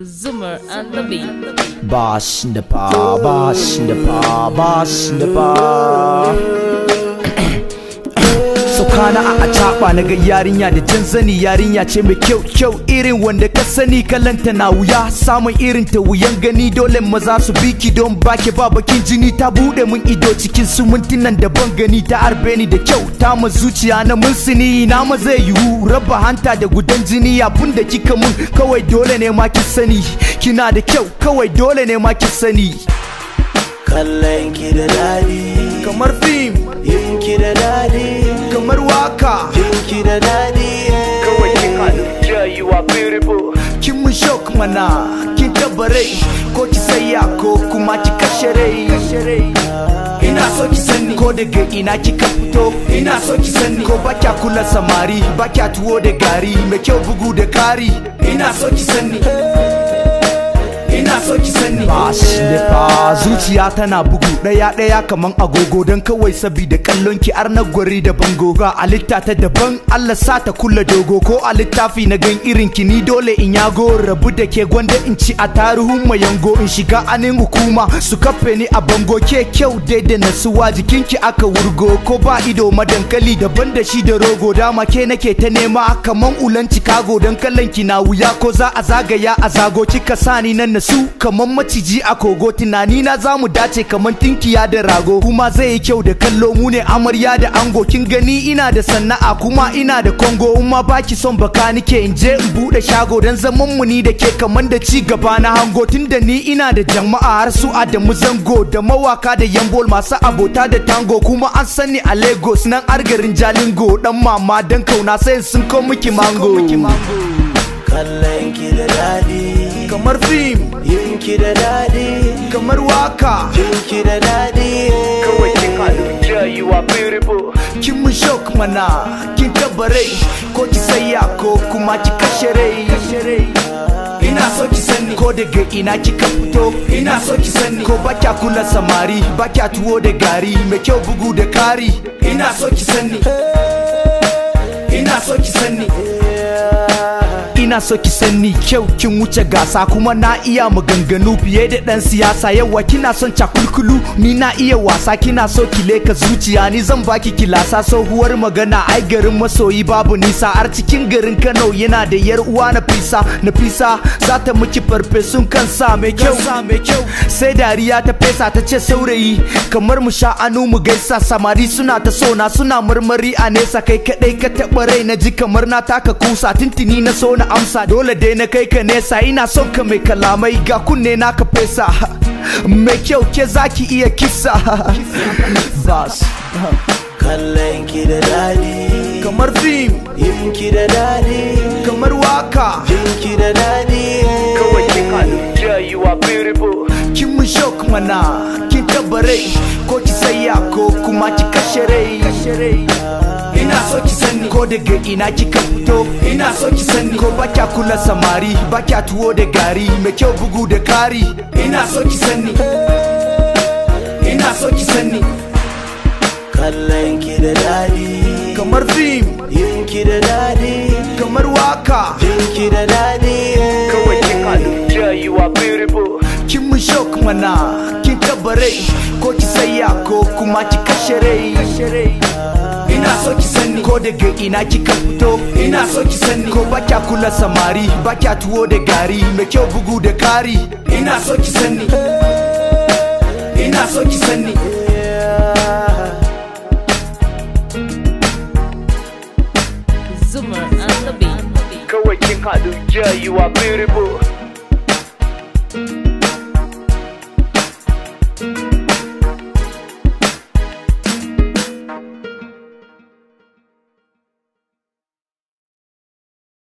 Zoomer and the Bee. Boss in the paw, boss in the paw, boss in the paw. rana a acaba na ga yarinya da can zani yarinya ce mai kyau kyau irin wanda ka sani kalanta na wuya samun irin ta wuyan gani dole maza su biki don baki ba bakin jini ta bude mun ido cikin su mintunan da ban gani ta arbe ni da kyau ta ma zuciya na mun sini na ma zai yiwu raba hanta da gudan jini abun da kika mun kawai dole ne ma ki sani kina da kyau kawai dole ne ma ki sani kallon ki da dadi kamar fim yin ki da dadi kamar waka jin ki da dadi kawai ki kanu yeah you are beautiful kin mun shock mana kin tabare ko ki saya ko kuma ki kashe rai ina so ki sani ko daga ina ki fito ina so ki sani ko ba kya kula samari ba kya tuwo da gari Me kyau bugu da kari ina so ki sani so ki sani ba shi ne fa zuciya tana bugu daya daya kaman agogo dan kawai sabida kallon ki arna na gwari da bango ga alitta ta daban Allah sa ta kulla dogo ko a littafi na gan irin ki ni dole in yago rabu da ke gwanda in ci a tarihin mayango in shiga anin hukuma su kafe ni a bango ke kyau daidai nasuwa jikinki aka wurgo ko ba ido madankali daban da shi da rogo dama ke nake ta nema kaman ulan Chicago dan kallon ki na wuya ko za a zagaya a zago kika sani nan nasu kamar maciji a kogo tunani na zamu dace kamar tinkiya da rago kuma zai yi kyau da kallo mu ne amarya da ango kin gani ina da sana'a kuma ina da kongo umma baki son baka nike in je in bude shago dan zaman mu ni da ke kaman da ci gaba na hango tun da ni ina da jama'a har su Adamu Zango da mawaka da Yambol masu abota da tango kuma an sani a Lagos nan argarin Jalingo dan mama dan kauna sai sun kawo miki mango kallon ki da daɗi kamar fim yinki da daɗi kamar waka yinki da daɗi kawai kin halitta you are beautiful kin mu shock mana kin tabare. ko ki saya ko kuma ki kashe rai ina so ki sani ko daga ina ka fito ina so ki sani ko ka kula samari ka tuwo da gari mai kyau bugu da kari ina so ki sani ina so ki sani ina so ki sani kyau kin wuce gasa kuma na iya maganganu fiye da dan siyasa yawa kina son cakulkulu ni na iya wasa kina so ki leka zuciya ni zan baki kilasa sohuwar magana ai garin masoyi babu nisa har cikin garin Kano yana da yar uwa na fisa na fisa za ta miki farfesun kansa mai kyau sai dariya ta fesa ta ce saurayi kamar mu sha anu mu gaisa samari suna ta sona suna marmari a nesa kai kadai ka taɓa rai na ji kamar na taka kusa tintini na so na amsa dole dai na kai ka nesa ina son ka mai kalamai ga kunne na ka fesa mai kyau ke zaki iya kisa bas kallon ki da dadi kamar fim yin ki da dadi kamar waka yin ki da dadi kawai ki ja you are beautiful kin mu shock mana kin tabare ko ki saya ko kuma ki kashe rai ina so ki sani ko daga ina kika fito ina so ki sani ko baka kula samari baka tuwo da gari me kyau bugu da kari ina so ki sani ina so ki sani kallon ki da dadi kamar fim yin ki da dadi kamar waka yin ki da dadi eh. kawai ki kalu you are beautiful kin mu shock mana kin tabare ko ki saya ko kuma ki kashe rai ina so ki sani ko daga ina kika fito ina so ki sani ko ba kula samari ba tuwo da gari me kyau bugu da kari ina so ki sani ina so ki sani Kawai kin haɗu, yeah, you are beautiful.